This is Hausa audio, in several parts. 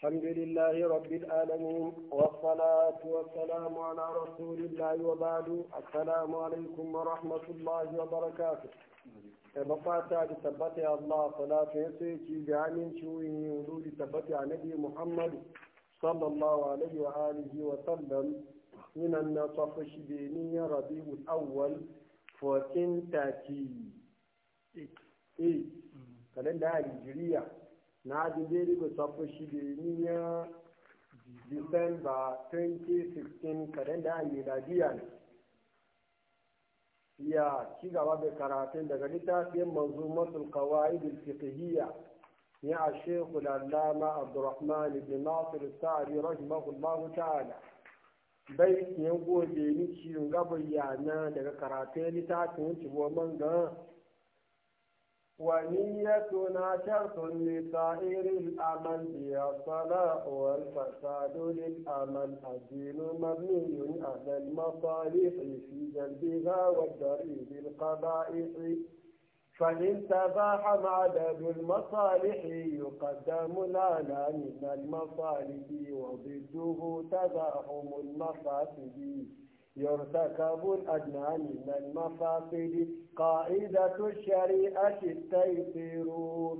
الحمد لله رب العالمين والصلاة والسلام على رسول الله وبعد السلام عليكم ورحمة الله وبركاته tabbata da tabbata ya Allah salatu ya sai ki ga amin ciwon wuduri tabbata a nabi Muhammad sallallahu alaihi wa sallam min an nasafa shi awwal 1438 kalenda hijriya na ji beri ba safo shi da niya Disamba 2016 kalenda miladiya ne. Ya ci gaba da karatun daga littafin manzumatul qawaid al-fiqhiyya ya a shekul allama abdurrahman ibn nasir sa'adi rahimahullahu ta'ala bai yan gobe ni ciwon gaba yana daga karatun littafin wuce man ga ونيتنا شرط لسائر الأمل هي الصلاح والفساد للأمل الدين مبني على المصالح في جلبها والدرء بالقبائح فإن تباح عدد المصالح يقدم لنا من المصالح وضده تزاحم المفاسد يرتكب أدنى من المفاصل قاعدة الشريعة التيسير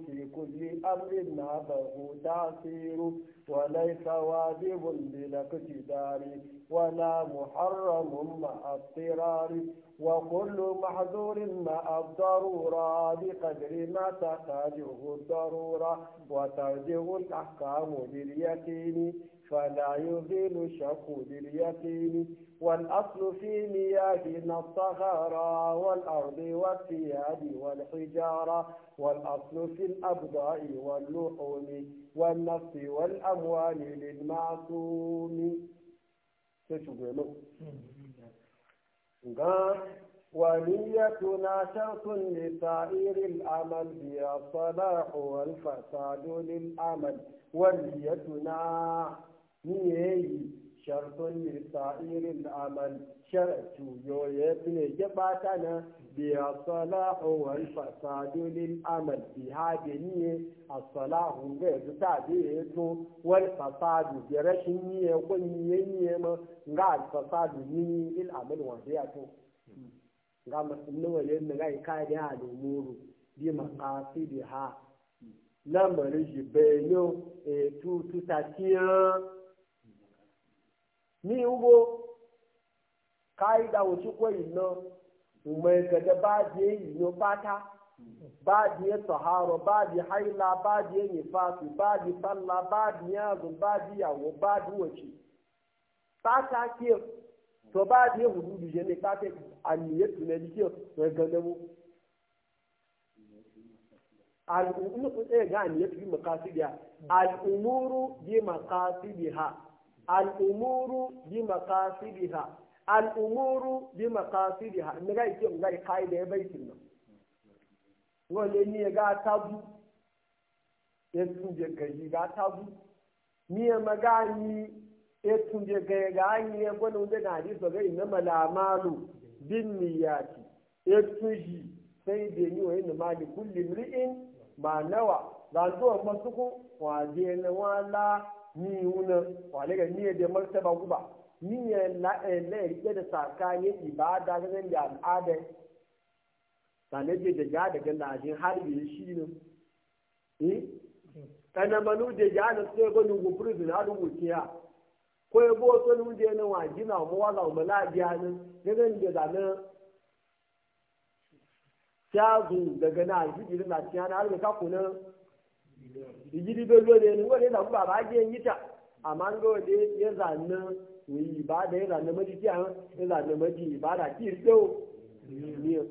في كل أمر نابه تعسير وليس واجب بلا اقتدار ولا محرم مع اضطرار وكل محذور مع الضرورة بقدر ما تحتاجه الضرورة وترجع الأحكام باليقين فلا يزيل الشك باليقين والأصل في مياهنا الصغارى والأرض والثياب والحجارة والأصل في الأبضاء واللحوم والنفس والأموال للمعصوم تشغلوا ونيتنا شرط لسائر الأمل هي الصلاح والفساد للأمل ونيتنا نيهي shartun min sa'irin amal sharatu yo ya ne ya bata na biya salahu wal fasadu lil amal bi hadi niye a salahu ga yanzu ta bi yato wani fasadu bi rashin niyya ko niyya niyya ma ga al fasadu ni lil amal wa ya to ga musulmi ne ne ga kai da al-umuru bi maqasidiha lamarin shi bayanin tututa tiyan ni ugo kaida uchukwe mgbe umekede baadhi iliyo pata haila baadhi ya nifasi baadhi salla baadhi yazo baadhi yawo baadhi pata kie to baadhi ya hududu jene kate na ga aniyetu bi makasidiha al'umuru al'umuru bi maqasidiha al'umuru bi maqasidiha Ni ga yake ngai kai da ya baitin nan wale ni ga tabu etun je gaji ga tabu ni ya magani etun je ga ga ni ya gwani da na ri so ga ina malamalu bin niyati etun ji sai da ni wa ina mali kulli mri'in ma nawa ga zuwa ku? wa zai na wala ni yuna wale ga ni da martaba guba ni ya la eh, la rike da sakani ibada ga zan ya al'ada je da ga daga najin harbi shi ne eh kana manu da ya na sai go ni go prison hadu wuciya ko ya bo so nu de na wajina mu wala mu la biya ne ga zan da na ta zu daga na ji da na tiyana har ga na. ìjírí bẹ́ẹ̀ lóde ẹni wọ́n lè nà fún bàbá jẹ́ yíta àmọ́ ń gbọ́ de yẹn zà ná wí ìbáda yẹn zà ná mọ́tí tí àwọn yẹn zà ná mọ́tí ìbáda tí ì tó ní o.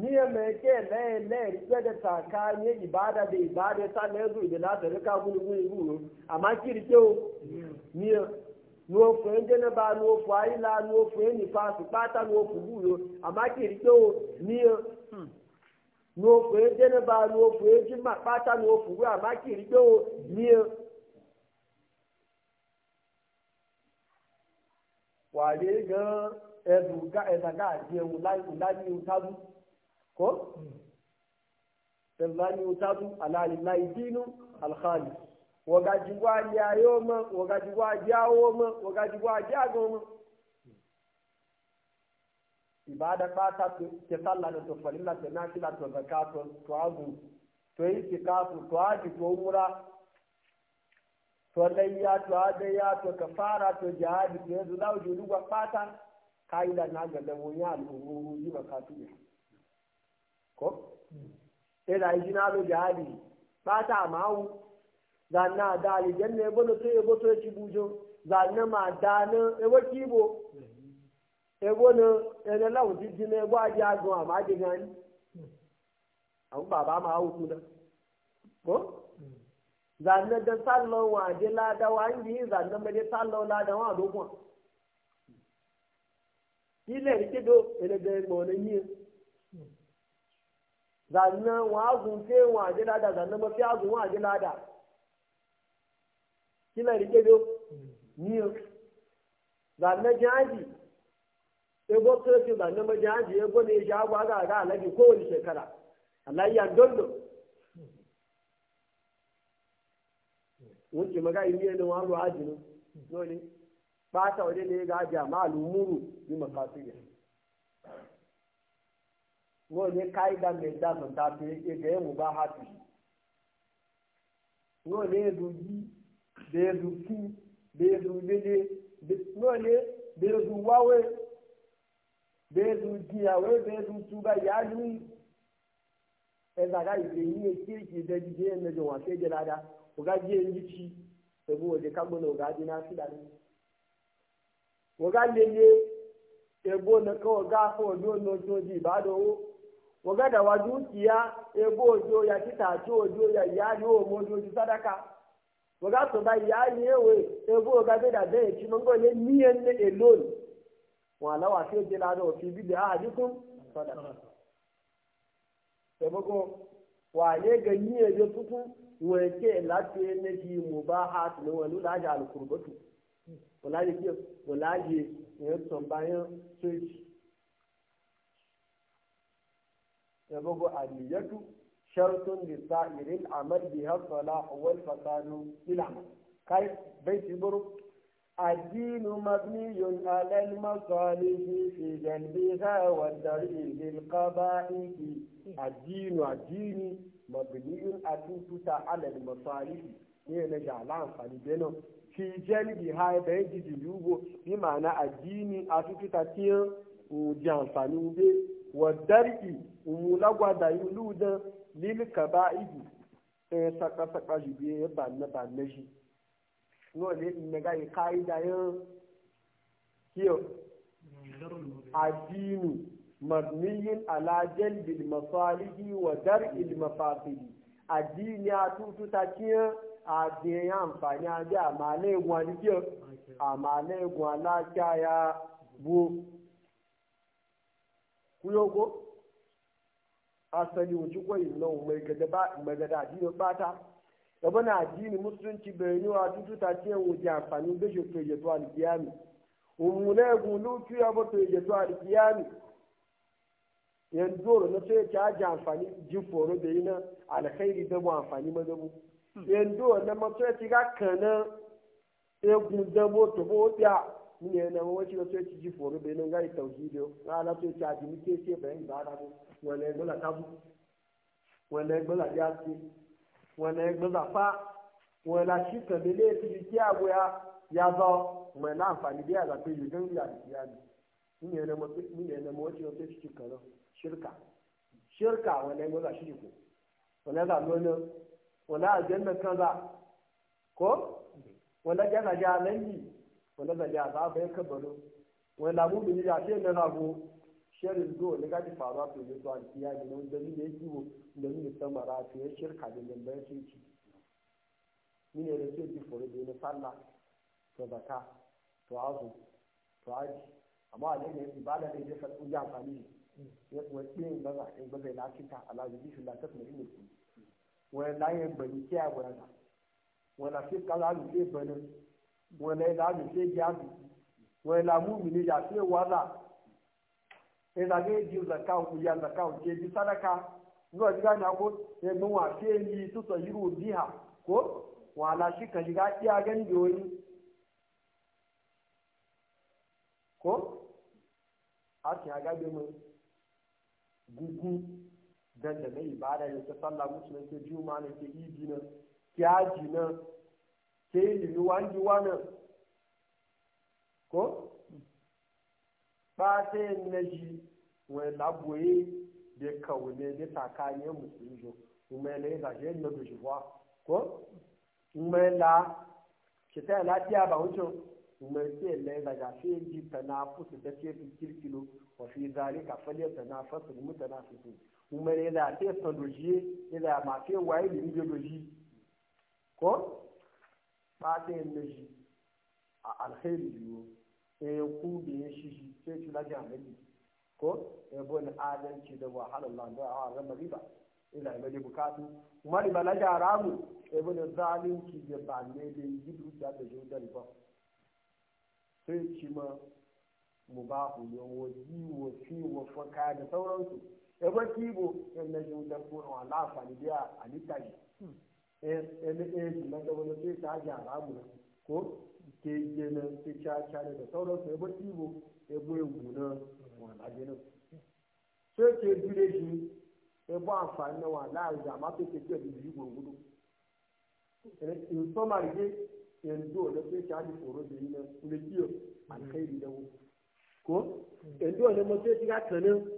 ní ẹ̀mẹ̀ kẹ́ lẹ́yìn lẹ́yìn gbẹ́dẹ̀ tàka ní ìbáda de ìbáda sálẹ̀ ẹ̀dùn ìdè láti ẹ̀rọ ká gúnugún ìlú rò àmọ́ tí ì tó ní o. ní ofu njedeba kpata n'ofu gburo àmọ́ tí ì tó n'ofe jeneba n'ofe ejima kpata n'ofe ugbu a maka irigbewo nie wàlẹ́ gan ẹ̀dùn ẹ̀dàgà àti ẹ̀wù láyé òtábù kọ́ ẹ̀wù láyé òtábù aláàlì láì alhali wọ̀gájú wá yá yóò mọ́ wọ̀gájú wá yá owó mọ́ wọ̀gájú wá ibada ɓata ke sallah da to farilla da kila to zaka to azu to yi kafu to aji to umra to layya to adaya to kafara to jihadi to yanzu za ku ji fata ka'ida na ga da wani al'ummu ji ba kafu ne. ko sai da yi na lo jihadi ɓata ma'u zanna na dali janne bolo to ya boto ya ci bujo na ma da nan ewa kibo mm-hmm. ego na ẹni láwọn ti dín ẹgbọ́ ajé agan àmọ́ ajé gan ni àwọn bàbá máa wù kú náà da zànàdàn sálọ wọn àdé ládàá wọn àyè zànàmẹdẹ sálọ ládàá wọn àdókùn ilé ìkédo ẹlẹgbẹ ìgbọ̀n ní yín zànà wọn àgùn fẹ wọn ebo kirkin ba na majaji ya gwani shi agwa ga ala kowane shekara alaji ya dondo wuce maga yi ne wa aji ajinu dole ba ta waje na ga ajiya ma alumuru bi ya. mo ne kaida mai da sun ta fi ya ga yin ba hafi mo ne ya da ya duki da ne da bezu dia we bezu tuba ya lui eza ga ni e kiri ki de e di je ne jo wa se je dada o je ndi chi e o je ka gbono ga di na si dada o ga le ye e bo na ko ga fo do no to di ba do o o da wa dukiya e bo jo ya kita ta jo jo ya ya ni o mo jo di sadaka o ga so ba ya ni e we be da be e chi mo ni en alone wọn lọ́wọ́ àti èdè lára òfin bíbí àdínkùn sọ́dà. Ṣèbókò ke lẹ́gẹ̀ ní èdè tuntun wọ́n ké láti ẹnẹ́jì mùbá àti wọn ló láàyè àlùkùrùbọ́tù. Wọ́n láàyè kí wọ́n láàyè ìyẹn tọ̀nba yẹn ṣéèjì. Ṣèbókò àdìyẹ́tù ṣẹ́rùtún lè sa ìrìn àmọ́ ìdíhẹ́ sọ̀lá ọ̀wọ́ ìfọ̀sánú ìlànà. Káyì Kai, ti buru الدين مبني على المصالح في جلبها والدرء بالقبائح الدين الدين مبني أتوتها على المصالح ne na jala amfani benin fi jalibi ha bayan jiji yugo bi ma'ana addini a tututa tiyan ji amfani ube wa darki umulagwa yi kaba saka saka náà lè mẹ́gà yìí ká ìdáyán kí ọ àdínù mabniyin alájẹ́l bilmafalihi wa dar ilmafafili àdínì a takíyàn àdínyàn àǹfààní ajé àmàlẹ́gùn àdíkíọ àmàlẹ́gùn alájáyà bú kúlógó asali wuci kwayi nan mai gada ba mai gada ba ta gaba na addini musulunci bai yi wa tututa ce wuce amfani da shi ke jeto alkiyami umuna ya gulu kiyo ba ke jeto alkiyami yanzu na sai ta aji amfani ji da yi na alkhairi da mu amfani madabu hmm. yanzu na maso ya tiga kana egun dabo to bo ya ne na wace da sai ji foro da yi na ga tauhidi na na sai ta ji muke ce bayan ibada mu wala gola tabu wala gola ya ce wani ya wani la shi tabi ne fi jiki abu ya ya zo mai na amfani da ya zafi yi don ya ya ni ne na mawaci wata shi kano shirka shirka wani ya gbaza shi ko wani za nono wani aljanna kaza ko wani ya zaje a nan yi wani zaje a zafi ya kabaro wani labu bin ya ce na rago sharin do ne gaji faruwa to ne zuwa kiya ne wanda ni da yake wo da ni da samara to ya shirka da ne bayan sun ci ni ne da ke ji fore da ne sallah to zaka to azu to aji amma a ne ibada ne da sai ya amfani ya kuma ɗin ba za a yi lafita ala zubi shi la wani layin bani wani na wani fi kala sai bani wani sai wani mini ya sai waza ezage ji zaka ku ya zaka ku ke ji sadaka zuwa ji gani ko ya mun wa ke yi su so yiru biha ko wala shi ka shiga iya gan doyi ko a ti aga be mu gugu dan da mai ibada ne ta sallah musulun ke juma ne ke idi ne ke aji ne ke yi wani wani ko fatan na ji wani lagoye da ne da tsakaniyar musulmi kuma yana yin zashe na ko kuma yana ki ta lafiya ba wucin kuma ke lai fi sai ji ta na fusu da ke fi kirkilo wa fi zalika falle ta na fasu da mutana su su kuma ne da ta sa dojiye ne ma ke waye da ije doji ko ba yin na ji a alheri biyu ya ku da shi shi sai ci lagi ko ya bo na adalci da wahalar lamba a ran riba ina ga dai bukatu kuma riba lagi haramu ya bo na zalunci da ba ne da yi dukiya da jodan ba sai ci ma mu ba ku yo wo yi wo fi wo da sauransu ya bo kibo ko a lafa da da wani hmm. eh, eh, eh, sai ta ko ke kenan ke caca da sauransu ya bar ibo ya goya guna wala ginin sai ke gire shi ya ba amfani na wala a zama sai ke eh, ke da biyu gurgudu in soma rige yanzu da sai ta ji tsoro da yi na kuma kiyo alkhairi da wuce ko yanzu wani mutum ya kanin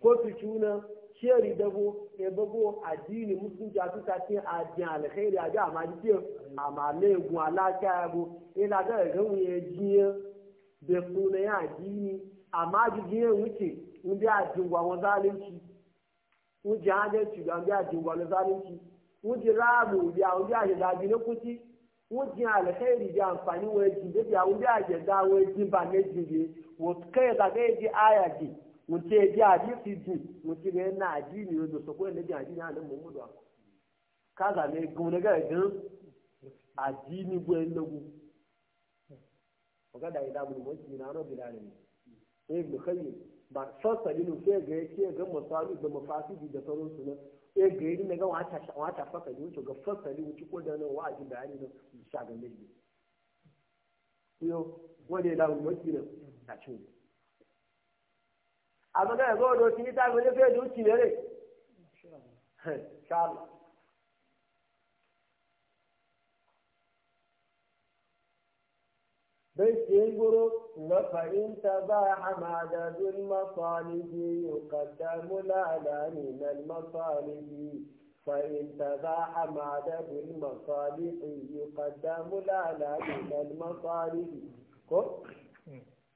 ko su cuna sheri dabo e bago addini musulunci a suka addin alkhairi a ga amma jikin amma laigun alaka ya bo ina ga ga wuye jiye da suna ya addini amma jikin wuce in addin gwa zalunci in ji adalci ga bi addin gwa zalunci in ji rabu biya in bi ajiyar bi ne kuti in ji alkhairi bi amfani wa jin da biya in bi ajiyar da wa jin ba ne jin bi wa kai da ga ji aya ji mutu ya adi si ji mutu ga na odo na na addini hannun muhammadu a ka zame gauna na gan addini gwayen lagu na rabu da ne sai ibn khayyim ba sassa dinu sai ga yake ga masalu da mafasidi da sauran su na sai ga yi daga wata wata faka ne wuce ga sassa dinu ci ko na na àmọ́ kẹ́kẹ́ kó odò tí níta gbélé fèdè ó ti lérè ṣáàlù. bẹ́ẹ̀ ṣe ń gbóró lọ́fà ìńtà bá àmàdàdó mọ́fàálì bí òkàdá múláàlá nìyẹn mọ́fàálì bí. فإن تباح مع ذات المصالح يقدم لا لا من المصالح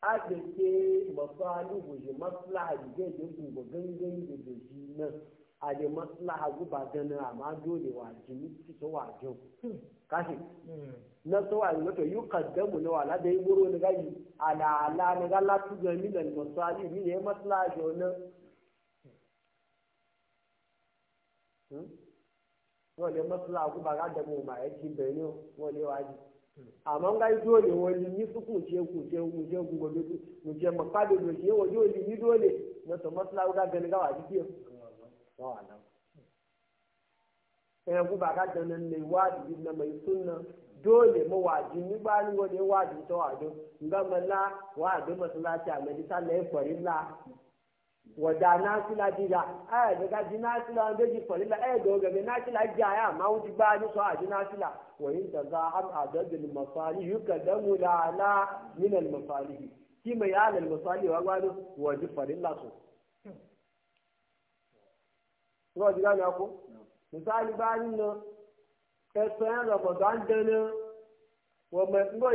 agbègbè masaluhu yi maslaha yi zai yi gungo gangan da da shi nan a yi maslaha guba ganin amma dole wa jini ci so wa jin kashi hmm. na so wa wato yi kaddamu na wala da yi buru na gaji ala na hmm? ga latu ga min al masali min da mu àmọ́ ń gáyé dóòlè wọn lè ní sukùn tiẹ̀ kù tiẹ̀ kù tiẹ̀ kù gbọdọ̀ kù tiẹ̀ mọ̀ pàdé lò tiẹ̀ wọ́n yóò lè ní dóòlè lọ́tọ̀ mọ́sálásí ká gẹ̀ẹ́nì káwá àti tiẹ̀ wọ́n wà náà. ẹ̀yàn kú bàtà dandan lè wádìí ni mọ̀ ìsún náà dóòlè mọ̀ wádìí nígbà níwọ̀n lè wádìí tọ́ àdó masu mọ̀ lá wádìí mọ̀sálásí àmẹ́dísà lẹ́ẹ̀kọ̀rí la. wọ̀dà náṣílá dídá ẹ̀ẹ́dẹ̀gá di náṣílá méjì pọ̀lílá ẹ̀ẹ́dẹ̀gẹ́ náṣílá jẹ́ àyà máa ń ti gbá nísọ àti náṣílá wọ̀nyí ń tàgá àdọ́gbìn mọ̀fàlì yìí kẹ̀dẹ́mú làálá nínú mọ̀fàlì yìí kí mi yà á lẹ̀ mọ̀fàlì wá gbádùn wọ̀dí pọ̀lílá sùn. wọ́n ti dáná kú mùsàlì bá nínú ẹ̀sọ́ yẹn rọ̀bọ̀dọ̀ á ń dẹ́nu wọ́n mọ̀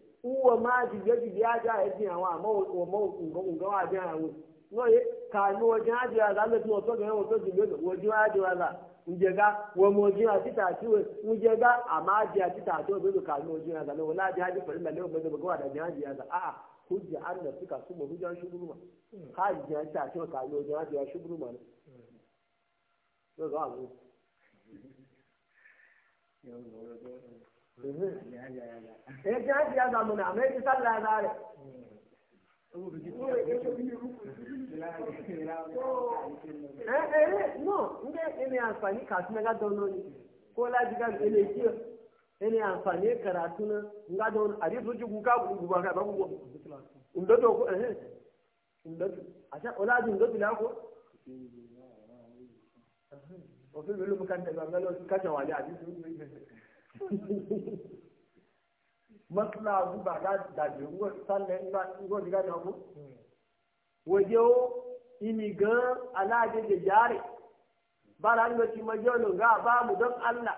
uwa ma a jige ya ja yadda yawa ma unga a ja yawo no ye ka ni wajen ajiya to to nje a tita ti we nje ga ama ji a to ka la ji haji fa inda ne ba ga wa da ji ajiya a an da su a Eh ta ji ya zamu na mai sallah zare. Eh eh no, nge ene amfani kasu na ga dono ni. Ko la ji ga ene ki ene amfani karatu na ga dono ari so ji guka guba ga ba guba. Unda to ko eh. Unda acha ola ji unda bila ko. Ofin bilu mukanta ga ga lo kacha wali masla abu ba ga daji ruwa sannan ina ruwa diga da ku hmm. waje o ini ga je je jare ba la ngo ci ma jono ga ba mu don Allah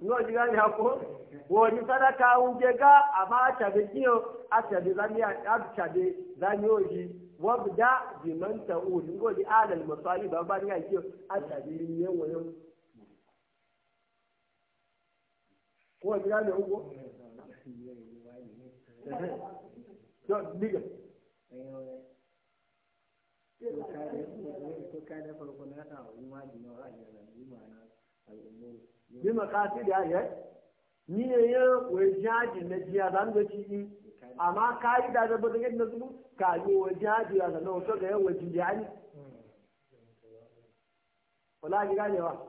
no diga ya ko wani sadaka u je ga amma ta da kiyo a ta za zani a ta da zani oji wabda bi man ni ngo di alal masali ba ba ni ga kiyo a ta ni yin wani ko ji gane ugo to diga bi makasi da ya ni ne ya wai na jiya zan ga ciki amma kai da da ndị na zubu ka yi wa jaji ya wato ga yawa jiyani wala ji ganewa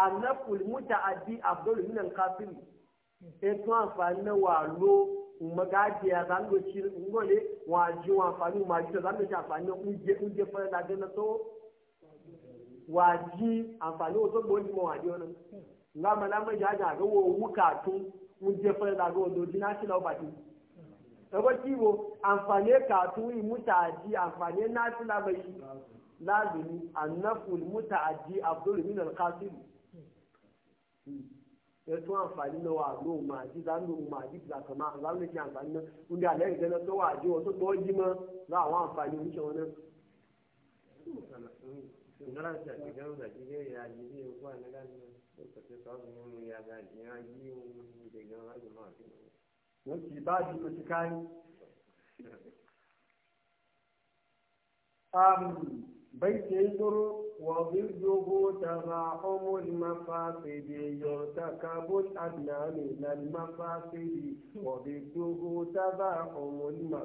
annaful muta'addi afdalu min al-qasim e to àǹfààní na wa lo magadi ya zan go chi ngole wa ji wa àǹfààní ma ji zan go chi àǹfààní uje uje fa da de na to wa ji àǹfààní to bo ni mo wa ji ona nga ma na ma ja ja go wo wuka tu uje fa da go do di na chi lo ba ti e go ti wo e ka tu i muta'addi àǹfààní na chi la ba yi lazimi annaful muta'addi afdalu min al-qasim ya tun amfani na wa lo ma ji za lo ma ji za kama za lo ji amfani na inda alai ga na to wa ji wasu to ji ma za wa amfani wuce wani ti ga da ji ga ya ji ne ko an ga ni ko ta ta mu ya ga ji ya ji mu de ga ha ti no ki ba ji mu kai aae ntụrụ wd oo taa ụ ị ọkao adai naaị ọdd ogo taa ọmụma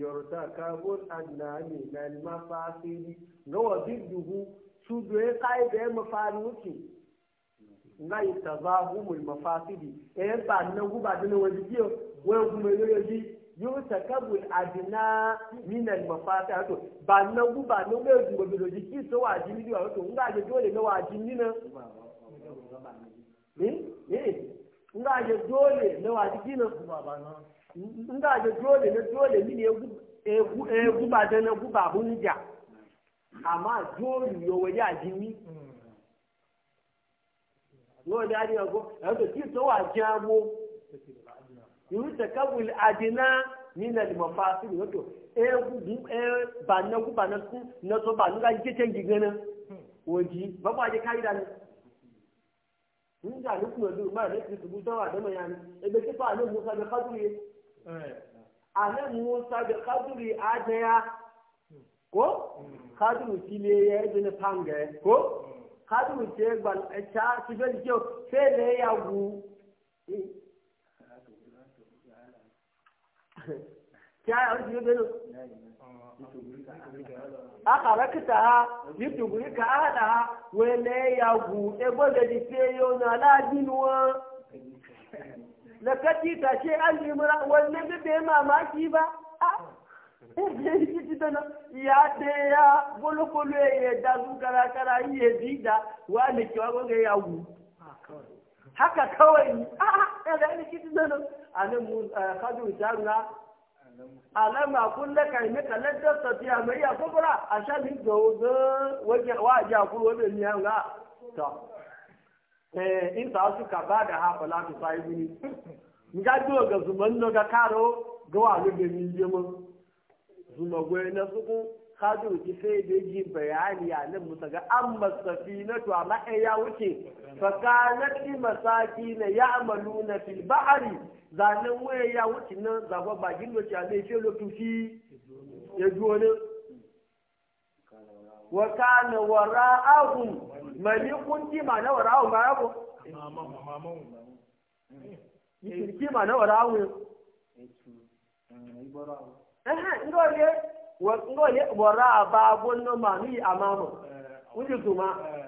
yọrọtakaon adịnai na aị naọdịdgwu tudu kaịmeautu na itaụmụ a ne wụ w gwui yóò sàkàbù àdínà nínà ìmọ̀fáàtà àtò bànáwú bànáwú egu gbogbo òjì kí ìṣòwò àjí nílùú àwọn tó ń gbà àjẹjọ́ dole lọ́wọ́ àjí nínà. ń gbà àjẹjọ́ lè lọ́wọ́ àjí nínà. ń egu egu egu lọ́wọ́ lè na ewu bàdánà ewu bàbú níjà àmọ́ àjọ́lù yòówó yá àjí ní. lọ́wọ́ dáadé ọkọ yurtakabul adina min al mafasil wato eh gugu eh ba na guba na su na so ba nuga ke canji gana waji ba ba je kai da ne mun ga duk ne duk ma ne ki su da wa da mai yana e be ki fa ne musa da kaduri eh ana musa da kaduri adaya ko kaduri kile ya ibn fanga ko kaduri ce ban ta ci ban ke ya gu ta yi aure gano aka rakita ha yi tuguri ka ada ha wele ya gu ebo da di feyo na lajinuwa na kati ta ce an yi mura wanne bebe mamaki ba e ya de ya bolokolo e ya da su karakara yi ya da, wa ne kiwa ya gu haka kawai a ya ga e ni kiti dana anan kadu jaruna alama kulle kai ne kallan da tafiya mai ya kubra a shamin gozo waje wa ja kuro wanda ni hanga to eh in ta su ka ba da hafa la tu sai ni ga do ga zuman no ga karo ga wa lu de ni jemo zuma gwe na suku kadu ki sai da yi bayani a nan musa ga an masafi na to amma ai ya wuce fakanat fi masaki na ya amalu na fil ba'ari zanen waya ya wuce nan zafa ba gindo ci a mai shelo tufi ya duwani wa kana wara'ahum malikun kima na wara'ahum ba yabo kima na wara'ahum Ehe, eh, eh, eh, ngole ngo ye wara ba gonno mami amamo wuju eh, tuma eh.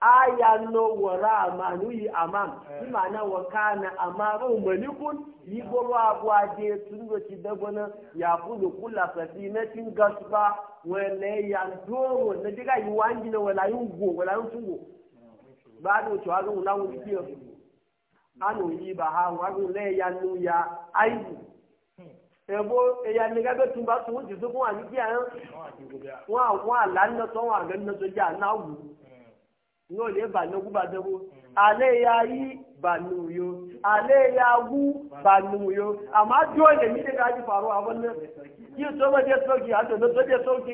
aya no wara manu yi amam bi eh. mana wa kana amaru malikun yi bolo abwa de tungo ti dagona ya kudu kula safinatin gasba wele ya ndoro na diga yi wanji na wala yi ugo wala yi tungo ba do to agun lawo ti o anu yi ba ha wa gun le ya nu ya aibu ẹ̀bọ́ ẹ̀yà ni gábẹ́ tún bá tún jù fún àníkí àyán wọn àwọn àlànà tó wọn na náà tó jẹ́ ànáwó náà lè bà dẹ́wọ́ alẹ́ ya yí yo alẹ́ ya wú bànú yo àmọ́ àjọ ilẹ̀ yìí nígbà tí faru àwọn náà kí o tó bẹ́ẹ̀ sọ́ọ̀kì àjọ tó sọ́ọ̀kì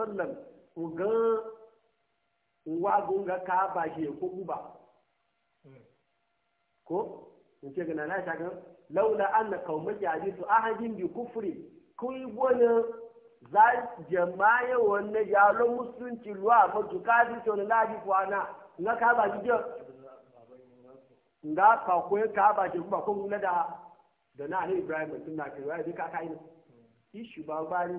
ko ugan wagun ga ka ba shi ko guba hmm. ko in ce gana na shagan laula anna qaumaki hadithu ahadin bi kufri kun gona za jama'a wannan yalo musulunci ruwa ba to ka ji to ladi kwana na ka ba shi nga ka kwe ka ba shi kuma ko na da da na Ibrahim tun na kai wai duka kai ne hmm. ishi ba ba ni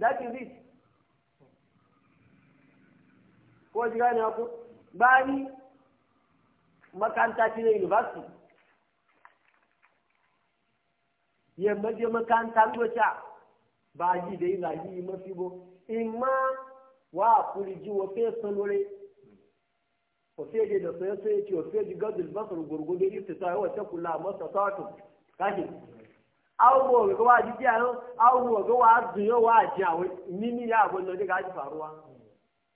that is it ko ji gane ku bani makanta shi ne university yamma je makanta lokaci ba yi da yi na yi mafi bo ma wa kuri ji wa fe sanore wa fe da da sai sai ce wa fe ji gadul basar gurgudu istita wa ta kula masa satu kaji awo wo ko wa jiji ayo awo wo ko wa dun yo wa awo nini ya bo lo de ga faruwa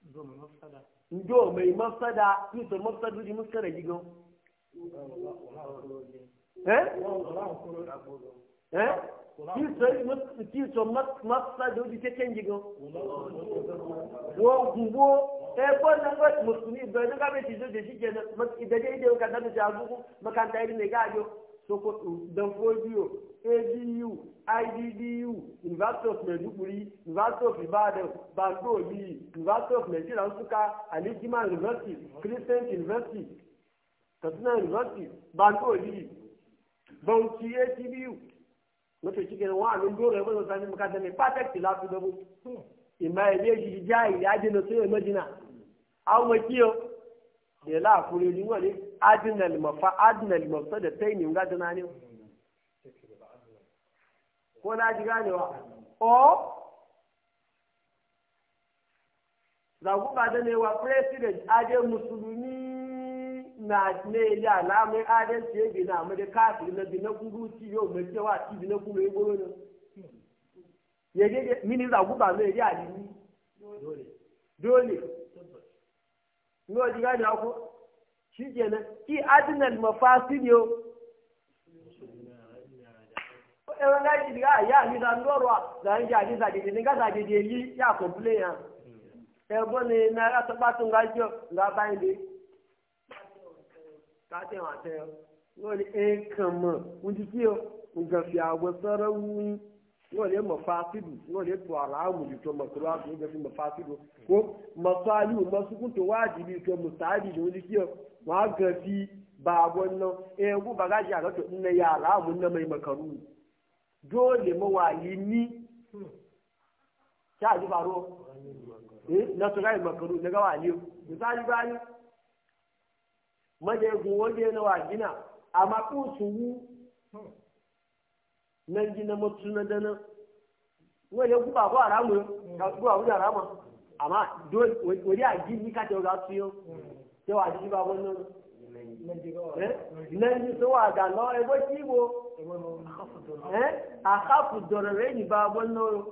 ndo mo mafsada ndo mo mafsada ti to mafsada di mafsada eh eh ti to mafsada di te ndị wo gumbo e bo na ko musuni be ndị ga be ti do de ji je na ide de o ka da do ja ga jo sokoto dan biyo, ADU, iddu university of maiduguri university of ibadan bando oyi university of nigeria nsuka alijima university christian university katsina university bando oyi bauchi atbu wato cikin wa'anin dole yabo da sami makarantar ne, patek lafi dabo ima ya ne shi jayi ya je na soya majina an wakiyo ya la kuri ni wani adinal mafa adinal mafa da tai ne ga dana ne ko na ji ganewa o da ku ba da ne wa president aje musulmi na ne ya alamun adalci ya bi na amurka kafin na bi na kuruci yau mai cewa ti bi na kuma ya goro ne ya je mini za ku ba mai ya ni dole dole ní ọjọ́ ìgbà ìdáwó kó ṣíjẹ náà kí adínà lè mọ̀ fa o. ẹ̀rọ ńlá yìí ìdíkà ya ndị ń lọ́rọ̀ àgbàǹjẹ àdìsá àdìsá dị gáàsà ya yìí ya ebe bílé na ẹ̀gbọ́n ni náírà tó bá tún ní di kí fi wọ́n lè mọ̀fásidù wọ́n lè tó ara àmùjútó mọ̀tòlá tó ń gbẹ̀fí mọ̀fásidù kó mọ̀tòlú mọ̀sùkú tó wáàdì bíi tó mùsáàdì ló ń di kíọ̀ wọ́n á gàn fi bàbọ̀ ná ẹ̀kú bàgájì àlọ́tọ̀ ńlẹ̀ yà aláàmú ńlẹ̀ mọ̀ ìmọ̀kàrú dóòlè mọ̀ wà yìí ní ṣáàjú bàró nàtòlá ìmọ̀kàrú nígbà wà ní o ìsáàjú bá ní mọ̀jẹ̀ egun wọ́n dé nan gina matsu na dana wani ya guba ko aramu ya guba wani aramu amma wani a gini ka tewa za su yi tewa a jiki ba wannan nan ji sowa da lawa ya gwaki bo a hafu dorare eh? ni ba wannan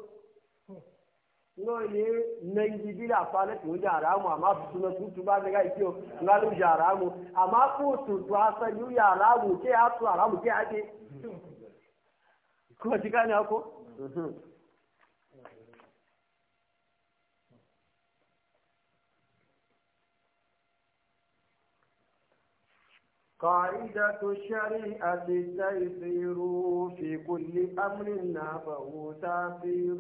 lóye nẹ́yìn bí làfa lẹ́tì ó yàrá mu àmọ́ tuntun tuntun bá nígbà yìí tí o ńlá ló yàrá mu àmọ́ kó tuntun aṣáájú yàrá mu kí a tún àrá kuma ji gane ko قاعدة الشريعة تيسير في كل أمر نابه تأثير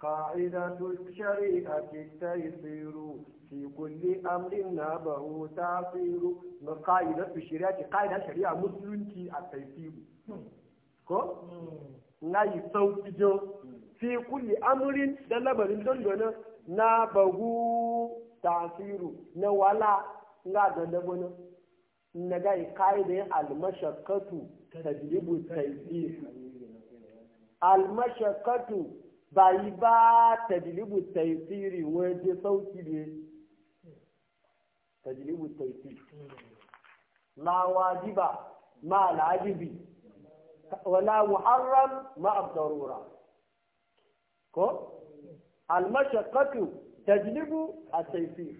قاعدة الشريعة تيسير في كل أمر نابه تأثير قاعدة الشريعة قاعدة الشريعة مسلمة التيسير ko na yi sauki jo fi kulli amrin da labarin dondona na bagu tasiru na wala nga da na na ga kaidayin almashakatu tadribu taysir almashakatu bai ba tadribu taysiri waje sauki ne tadribu taysir la wajiba ma al'ajibi ولا محرم مع الضرورة كو المشقة تجلب التيسير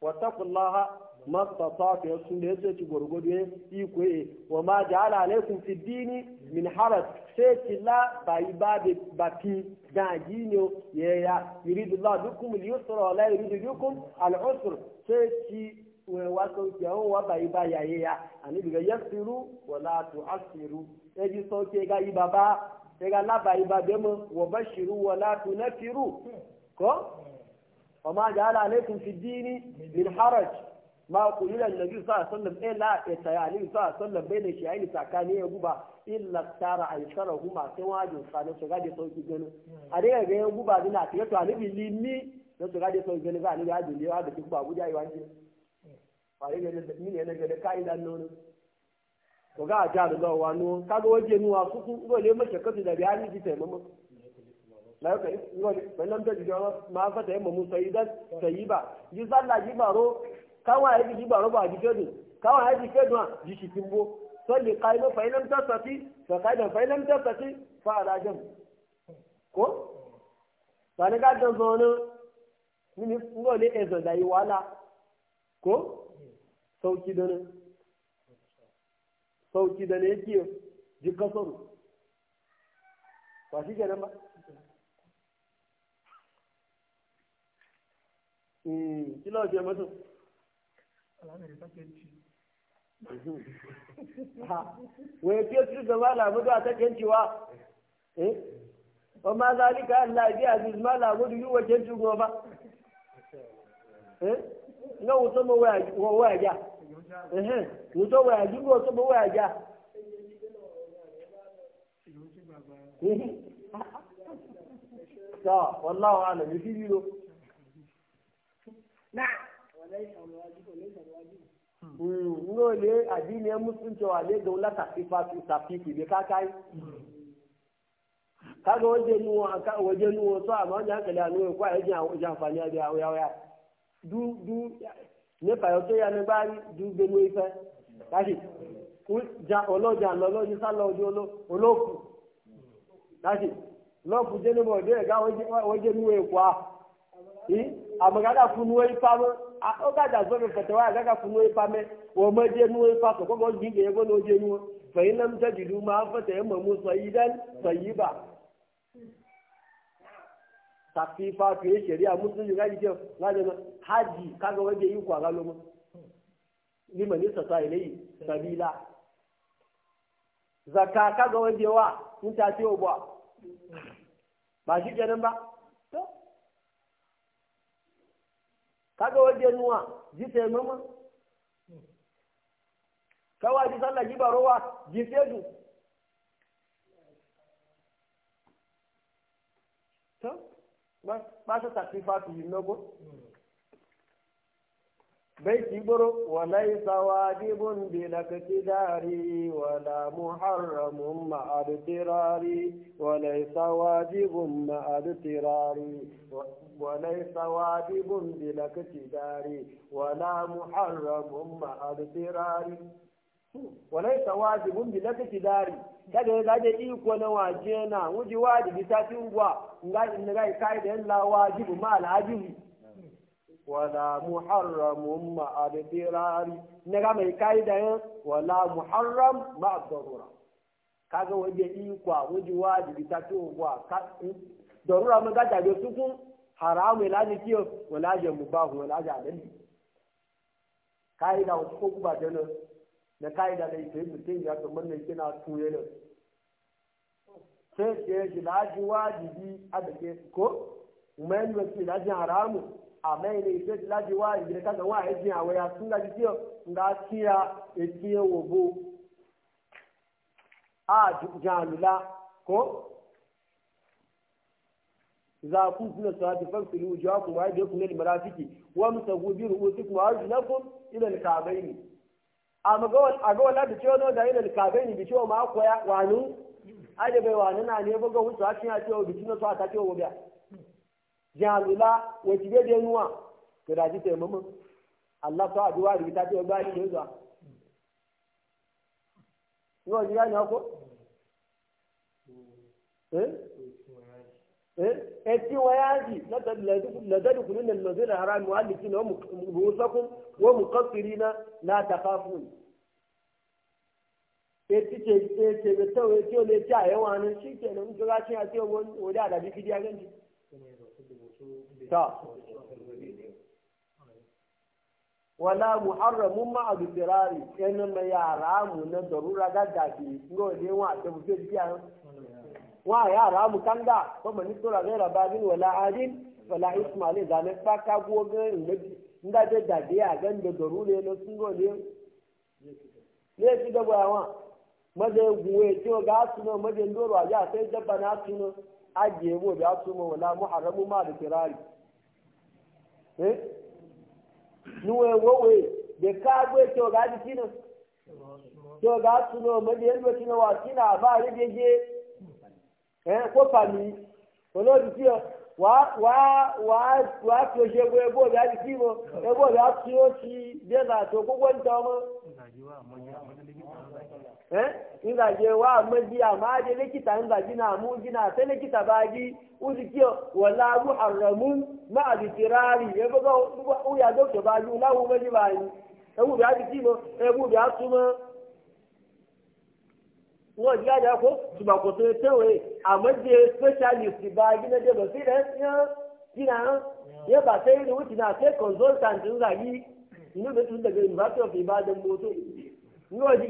واتقوا الله ما استطعتم يسون يسوتي غورغودي يكو وما جعل عليكم في الدين من حرج سيتي لا بايبا بكي داجينو يا يريد الله بكم اليسر ولا يريد بكم العسر سيتي wa sauki yawon wa ba yi ba yaye ya ani daga yasiru wala tu asiru e ji sauke ga yi baba e ga laba yi ba bemu wa bashiru wala tu nafiru ko wa ma ja'ala alaikum fi dini min haraj ma qulila an-nabi sallallahu alaihi wasallam illa yatayani sallallahu alaihi wasallam bayna shi'ain sakani ya guba illa tara aisharahum ma sai wajin sanu su ga da sauki gano Ade daga ga ya guba dina to yato alibi limi da su ga da sauki gano ga alibi ya dole ya da duk ba guja yi wani fàyè lè lè mí lè lè káyé dáná ní. ọ̀gá àjà àdúgbò wa nù kágbó wọ́n jẹ́ nu wa kúkú ń gbọ́dọ̀ mọ̀ ṣẹ̀kọ́ ti dàbí ma ti tẹ̀ mọ́mọ́. láyọ̀kẹ́ ìwọ́dì pẹ̀lú ọmọdé jùlọ máa fẹ́ tẹ̀ mọ̀mú sẹ̀yìnbà yìí sálà yìí gbàró káwọn àyè yìí gbàró bọ̀ àdìkẹ́dùn káwọn àyè àdìkẹ́dùn à yìí sì ti ń bó sọ́ọ̀lì káyọ̀ fàyè lẹ́mú tẹ́sàtì fàkàdà fàyè lẹ́mú tẹ́sàtì fàrà jẹ́mu. ko? sani ká dán zọ́ọ́nù nínú ngọ́ọ̀lẹ́ ẹ̀zọ̀ e dàyí wàhálà ko? sauki da nan sauki da ne yake ji kasaru ba shi nan ba kí lọ́ọ̀ jẹ mọ́tò. wai fiye su gaba lamudu a taken cewa eh ba ma zalika Allah bi aziz ma lamudu yi wa kenci ba eh nga wuso mo wo waja wuso waji nga wuso mo waja so wallahu ala mi fi lilo na nga ole adini muslim to ale ga wala tafifa tu tafifi be kakai kaga waje nuwa waje nuwa so amma ya kala nuwa kwa ya du du nípa ya tó yá du gbẹmú ifẹ̀ láti ja ọlọ́jà lọ́lọ́yìn sálọ ojú olóòkú láti lọ́ọ̀kú jẹ́nìmọ̀ ọdẹ ẹ̀gá ọjẹ́ nínú a àmọ̀gádà fún wọ́n ifá mọ́ ó gàdà sọ́dọ̀ fẹ̀tẹ̀wá àgàgà fún wọ́n tafifa to yi shari'a musulunci ga jikin rajin haji kaga wanda yi kwa gano mu liman nisa sa yi sabila zaka kaga wanda yawa in ta ce ba ba shi kenan ba to kaga wanda nuwa ji mama kawai ji sallah ji barowa ji sedu mata tafifatu yi nago hmm. bai kibir walai sawajibun bi dari wala muharramun ma adtirari walai sawajibun ma adtirari walai sawajibun bi dari wala muharramun ma adtirari wale ta wajibun bi laka tidari kada ga zaje iko na waje na wuji wajibi ta fi ugwa nga inna ga kai da la wajibu ma al ajibi wala muharramun ma al tirari na ga mai kai da wala muharram ma al darura kaga waje iko wuji wajibi ta fi ugwa ka eh, darura ma ga da sukun haramu ila ne kiyo wala je mubahu wala je adali kai da wasu ba da na ka'ida da ita yin mutum ya kamar ne kina tuye da sai ke shi laji wajibi a da ke ko mai yi wasu laji haramu a mai ne sai laji wajibi da kasan wa yajin a waya sun gaji kiyo nga kiya e kiyo wobo a jalula ko za ku suna salati fansilu jawakum wa yadikum lil marafiki wa musahu bi ru'usikum wa arjulakum ilal kabai ne agola da ciwo no da ina da kabe ni biciwo ma koya wani aje bai oge na ne buga wuce a cikin ciwo bicino so ta ciwo gobe jalula wace dai dai nuwa to da ji taimamu Allah ta aduwa da ta ciwo gani ne zuwa eti wayaji la tadkhulunna al-masjid al-haram mu'allifina ru'usakum wa muqassirina la takhafun eti ce ce ce ta wai ce ne ta yawa nan shikenan mun ga shi a ce wani da bi kidiya ganji ta wala muharramun ma abu firari yana mai yara mu na darura ga dafi ngo ne wa ta bu ce biya wa ya ramu kanda ko mani sura gaira babin wala adin wala ismail da ne fa ka go ga inda da da ya gan da garu ne no sun go ne ne shi da bawa maje guwe ce ga su no maje ndoro a ja sai dabba na su no aje mo da su mo wala muharramu ma da kirari eh nuwe wowe da ka gwe ce ga ji kino to ga su no maje yalwa kino wa kina ba rige ẹ̀ kó pàmì olóòdì sí ọ wàá wàá wàá wàá fi oṣù egbò egbò rẹ̀ àti kí ó ti gbogbo ọmọ. wa àmọ́jí àmọ́ adé lẹ́kìtà ńgbàjí náà mú jí náà ti kí ọ wọ̀ láàrú àrọ̀mú máa ti ti ráàrì ẹgbẹ́ ó yà dókítà bá lù láwùjọ méjì báyìí ewu rẹ̀ á ti kí wọn wọ́n jẹ́ àjà kó jùmọ̀kò tó tẹ̀wé àmọ́jẹ specialist bá gínájẹ́ bọ̀ sí rẹ̀ yán jìnnà hàn yẹ bá sẹ́yìn ní wùtí náà sẹ́ consultant ńlá yìí inú mi tún dẹ̀gẹ̀ university of ibadan ní wọ́n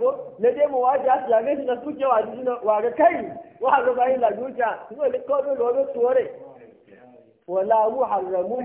kó lẹ́dẹ́ wá jẹ́ àti tó jẹ́ wà wà kẹ́yìn wọ́n bá yín ìjà ní wọ́n lè kọ́ tó rẹ̀ wọ́n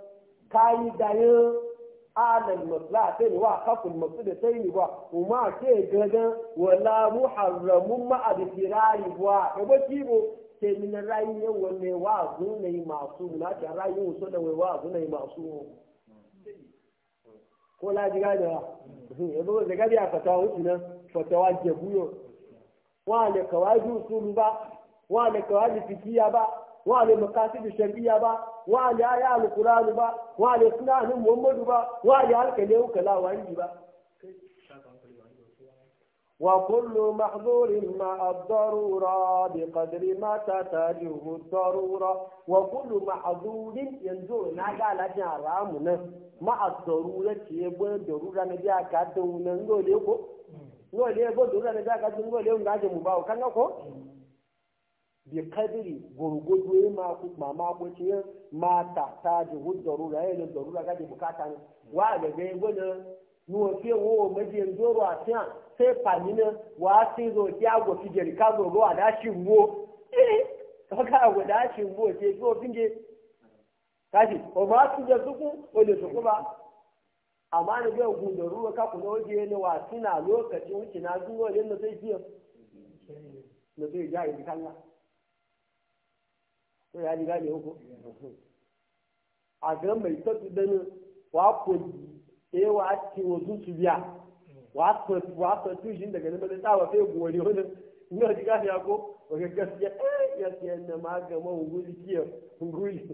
kayi dayan alal masla sai ni wa kafin masu da sai ni ba kuma ke gagan wala muharramun ma abi firari ba ka ba kibo sai min rayin yan wanne wa zunai masu na ta rayin so da wai wa zunai masu ko la diga da ya zo da gari a fatawa wuce nan fatawa jabuyo wa ne kawai su ba wa ne kawai fikiya ba Wa wale makasidu shari'a ba wa wale ya alƙur'ani ba wa wale sunanin muhammadu ba wa wale halkale hukala yi ba wa kullu mahdurin ma ad-darura bi qadri ma tatajihu ad-darura wa kullu mahdurin yanzu na ga lafiya ramu nan ma ad-darura ce ba darura na ga ka dawo nan go le ko go le go darura na ga ka dawo le ga mu ba kan ko bi kadiri gurgudu ya ma makwaci ya mata ta jihun darura ya yi darura gaji bukata ne wa ga gai gwada nuwa wo majiyar zoro a tiyan sai fanina wa sai zo ki agwa fi jeri ka zo ruwa eh ka agwa da shi wo ce zo kaji suku o amma ne ga da ka kuma waje ne wa suna lokacin wuce na zuwa na fiye na ya ya ji gane a mai tattu dana wa ko e wa ci wa zuci biya wa ko wa ko tujin daga nan da tsawa sai gori wani ina ya ya ko o ga gaskiya eh ya ce na ma ga mu guri kiyo nguri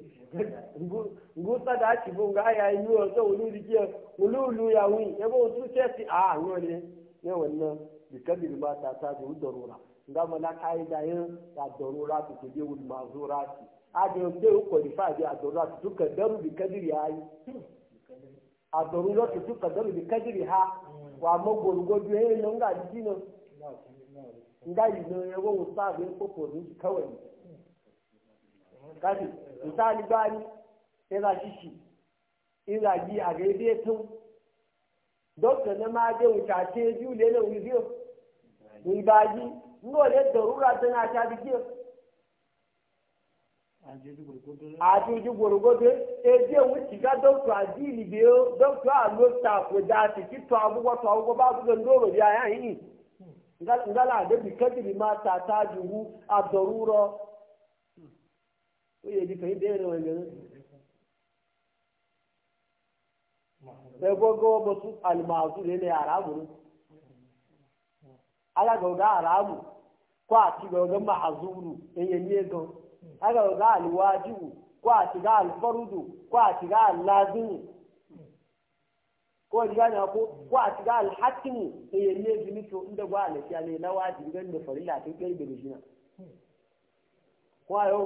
ngusa da ci bu ga ya yi wa so wuri kiyo ululu ya wi ya ba su ce ah, a ne ne wannan bikabir ma ta ta da darura ngama la da yin da darura ta ke dewu mazura ci a da yau sai uku da fadi a darura ta duka daru bi kadiri ya yi a darura ta duka daru bi kadiri ha wa ma gorgodo ya yi nan ga jiki nan nga yi nan ya wawo sabi ya kofo ne shi kawai kasi misali bani yana shishi ina ji a gaidai tun dokta na ma je wuce a ce biyu ne na wuziyo ni baji ngo le darura tana aji dike àjòjì gbòrògbòdò ebi òun tìga dọ́kítọ̀ àdìlì bí ó dọ́kítọ̀ àlóta àkójá àti títọ́ àbúgbọ́ tó àbúgbọ́ bá ndị ńlọrọ̀ bí ayé yìí ngala àdébì ta aga gauga aramu ko a ci gaugan ma'azuru eye eh, eh, ne eh, gan aga gauga alwajibu ko a ci ga alfarudu ko a ci ga allazimu ko a ci gane ko ko a ci gwa alafiya ne na wajibi gan da farilla tun kai da kwayo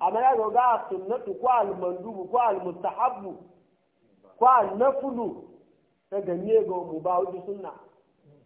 amma ya gauga sunnatu ko almandubu ko almustahabbu ko alnafulu ta ganye ga mu ba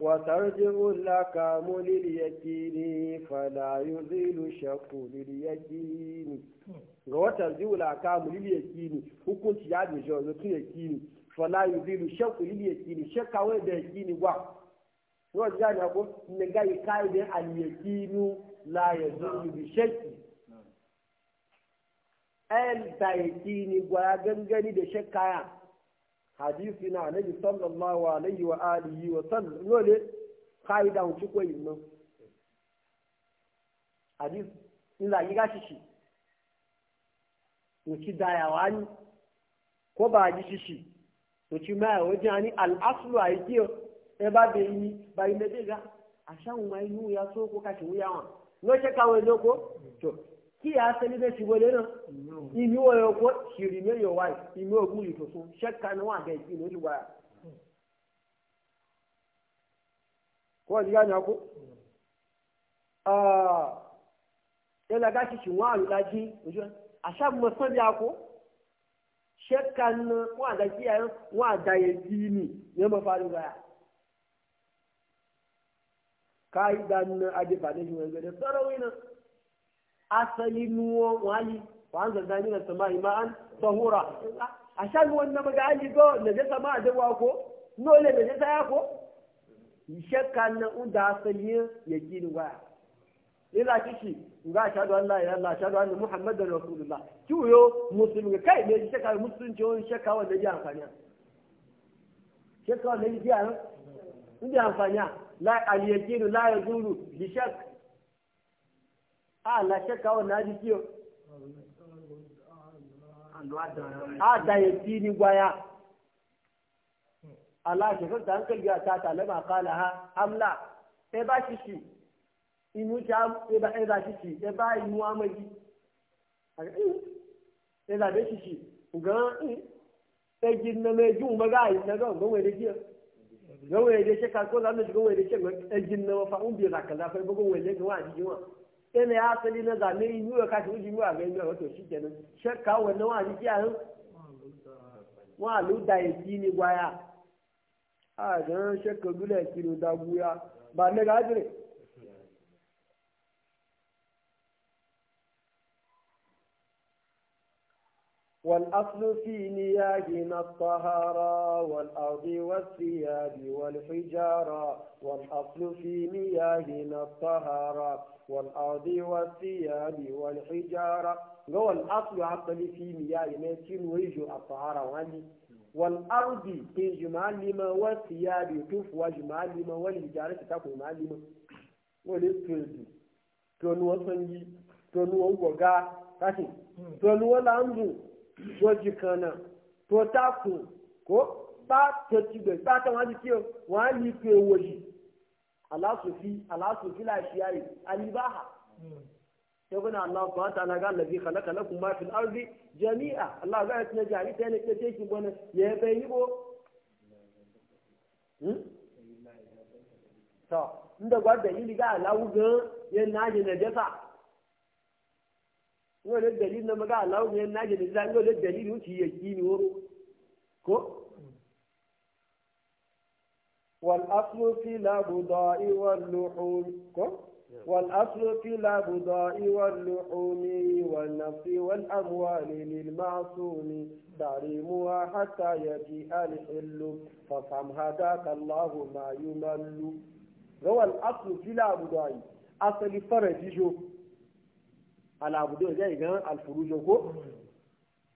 وترجع الأكام لليتيم فلا يزيل شك لليتيم وترجع الأكام لليتيم حكم تجاد مجوز يتيم فلا يزيل شك لليتيم شق وين يتيم وا وجاء نقول جاي كايد اليتيم لا يزول بشيء أنت يتيم ولا جنجني بشك كيان hadisi na annabi sallallahu alaihi wa alihi wa sallam dole kaida un ci koyi hadis in la yiga shishi mu ci daya wani ko ba ji shishi mu ci ma wajen ani al aslu a yake e ba be yi ba yi ne ga a shan wani ya so ko kashi wuya wa no ce kawai loko to kí asẹ́lẹ̀ bẹ́ẹ̀ ti wọlé náà ìmí wọ̀ yọ kó ṣìrì mẹ́rin ọ̀wá ìmí ògùn yìí tuntun ṣẹ́ka ni wọ́n àbẹ̀ ìpín lórí wàrà. kó o ti yá ni ọkú. Ah, ẹlẹ́ ká ṣìṣì wọ́n àlùkà jí ojú ẹ̀ àṣàbùmọ̀ sọ́bí akó ṣẹ́ka ni wọ́n àdá jí ẹ̀ wọ́n àdá yẹ jí ni ní ọmọ fàlù wàrà. káyí dáná adébàdé ju ẹgbẹ́ sọ́rọ́ wí náà. asali nuwo wani wa an zanga mina sama ima'an sahura a shan wannan maga an jigo na je sama a dawa ko nole na je saya ko shakka na unda asali ya gini waya ila kishi ga shahadu Allah la ilaha illallah shahadu anna muhammadan rasulullah kiwo musulmi kai ne shakka musulunci wani shakka wanda ji amfani shakka wanda ji eh? amfani la al yaqinu la yazuru bi shakka a na shakka wa na ji kiyo a ta yi fi ni gwaya Allah shi furta hankali ya ta talama kala ha Hamla, e ba shi shi inu ta e ba e ba shi shi e ba inu amaji e da shi shi ga e gin na me ju maga yi na ga gwe da kiyo gwe da shi ka ko zamu shi gwe da shi e gin na fa un bi zakka da fa gwe da ga wa ji wa yana ya asali na zame yi yiwa kashi wuji yiwa ga yiwa wato shi kenan shakka wannan wani ji a hin wani da ya ki ni gwaya a nan shakka dula ya ni da guya ba na gajire والأصل في نياهنا الطهارة والأرض والثياب والحجارة والأصل في نياهنا الطهارة والأرض والثياب والحجارة هو الأصل عقل في مياه يمكن ويجو الطهارة واني والأرض تجمع لما والثياب تف وجمع لما والحجارة تكو مع لما ولتلد تنو سنجي تنو وغا تاتي تنو لانزو وجكنا تتاكو ko ba ta ci bai ba ta wani ciwo wani ke waje alasufi alasufi lashiyari alibaha sai kuna Allah ta wata na gane zai kala na kuma fil arzi jami'a Allah za a tuna jari ta yana kira tekin gwana ya yi bai bo? Hmm? to inda da ili ga alawu ga yan naji na jasa yau da dalilin na maga alawu ga yan naji na jasa yau da dalilin wuce yaki ne wuro ko والأصل في الأبضاء واللحوم والأصل في الأبضاء واللحوم والنفس والأموال للمعصوم تحريمها حتى يجيء الحل فافهم هداك الله ما يمل هو الأصل في الأبضاء أصل فرجه الأبضاء جاي الفروج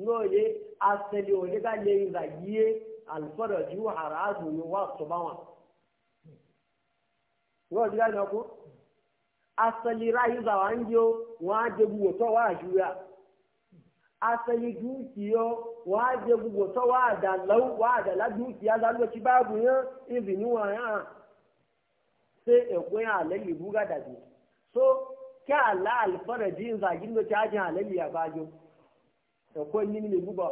lóye asẹ̀lẹ̀ onye ká lè ìlà yíyé ara ààbò ni wọ́n àtọ́ bá wọn. wọ́n ti dáná kú asẹ̀lẹ̀ ráyé ìgbà wá ń jẹ́ wọ́n á jẹ́ gbogbo tó wà àṣúra asẹ̀lẹ̀ dúkìá wọ́n á adala gbogbo ya wà àdàlọ́ wà ya so ke ala àlùfọ́dọ̀ dín ìzàgí ló ti á jẹ́ ẹ̀kọ́ yìí ni gbúbọ̀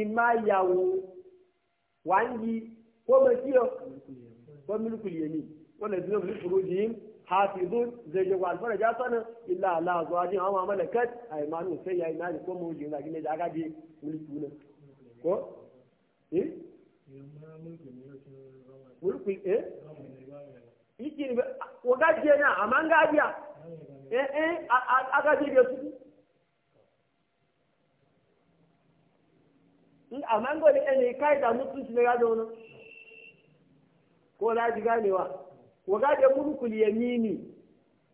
ìmá yàwó wà ń yí kó bẹ sí ọ kó mílíkù yé mi lè dúró mílíkù rú yìí ha fi dún zèjè wà sọ́nà ilà aláàzọ ajé àwọn amọ̀lẹ̀ kẹ́t àìmánu fẹ́ ya iná ní kó mú yìí nígbà gílẹ̀ jágá di mílíkù náà kó mílíkù ìkíni bẹ wọ́n gá jẹ náà àmà ń gá bíà ẹ ẹ agá jẹ bíà tuntun. amma ga wani ɗan kai da mutunci na gado nan ko za ji ganewa wa gaje mulkul yamini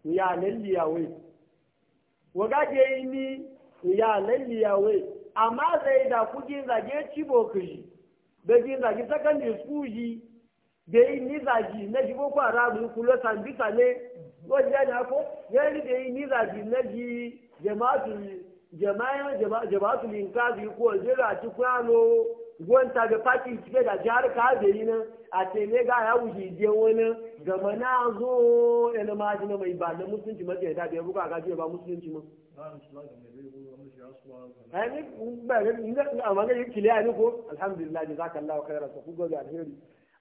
ya ya wai wa gaje ni ya ya wai amma zai da kuji zage cibo kuji da ji zage secondary school ji da yi ni zage na ji boko haramu kulo sambisa ne ko ji ya ko ya yi da yi ni zage na ji jama'atu jama'a jama'atu linkazi ko jira ci kwano gwanta da fati cike da jihar kabiri nan a tele ga ya wuce je wani gama na zo ma maji na mai ba na musulunci mace ya tafiya buka ga ba musulunci ma. Ayi ba ga inda amma ga yake liya ne ko alhamdulillah jazakallahu khairan ku gogo da alheri.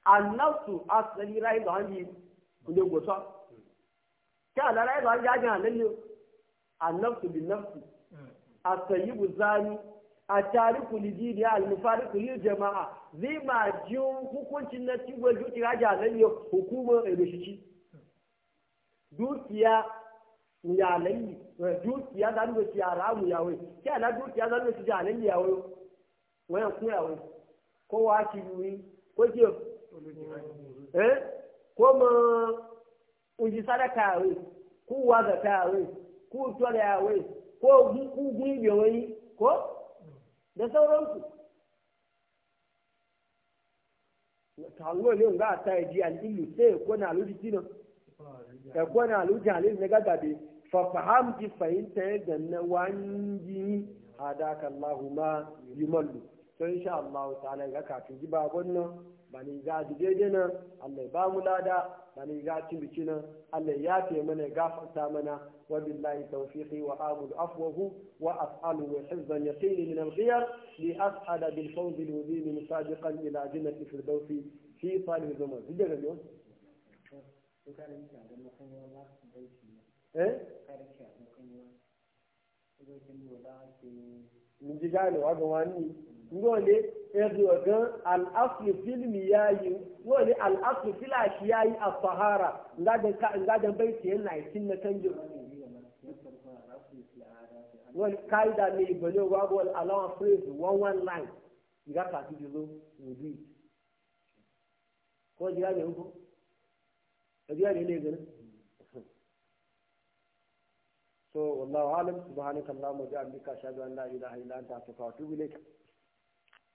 Annafsu asali rai da hanji kunde gosa. Ka da rai da hanji ajin halallo. Annafsu bin nafsi. Hmm. asayibu zani a tariku lijidiya almufariku lil jama'a zai ma ji hukuncin na cibiyar dukiya jalayya hukumar irishici dukiya yalayya dukiya za mu ci haramu yawai ki ala dukiya za mu ci jalayya yawai wayan ku yawai ko wa ki yi ko ki eh ko ma uji sadaka yawai ku wa zaka yawai ku tole yawai ko hukugun wani ko da sauransu talibin ba a ta yi al'ilu sai ko na alu jikina ya ko na alu jalil na gagabe fafaham ki fahimta ya ganna wani hada kallahu ma yi mallu sun sha Allah ta'ala ga kafin ji ba wannan bani ga daidai na Allah ba mu lada bani ga cin biki nan Allah ya ce mana gafarta mana wa billahi tawfiqi wa amul afwahu wa af'alu wa hizban yaqin min al-ghiyar li as'ada bil fawz al wazin musabiqan ila jannati firdaus fi fal zaman dida ga yo eh mun ji gane wa ga wani ngole ezo gan al'aslu fil miyayi ngole al'aslu fil ashiyayi as-sahara ngadan ka ngadan baiti na kanjo wani kaida ne ibalo wa wal alawa phrase one one line diga ka ti zo wudu ko diga ne ko diga ne ne gan so wallahu alam subhanakallahumma wa bihamdika ashhadu an la ilaha illa anta astaghfiruka wa atubu ilayk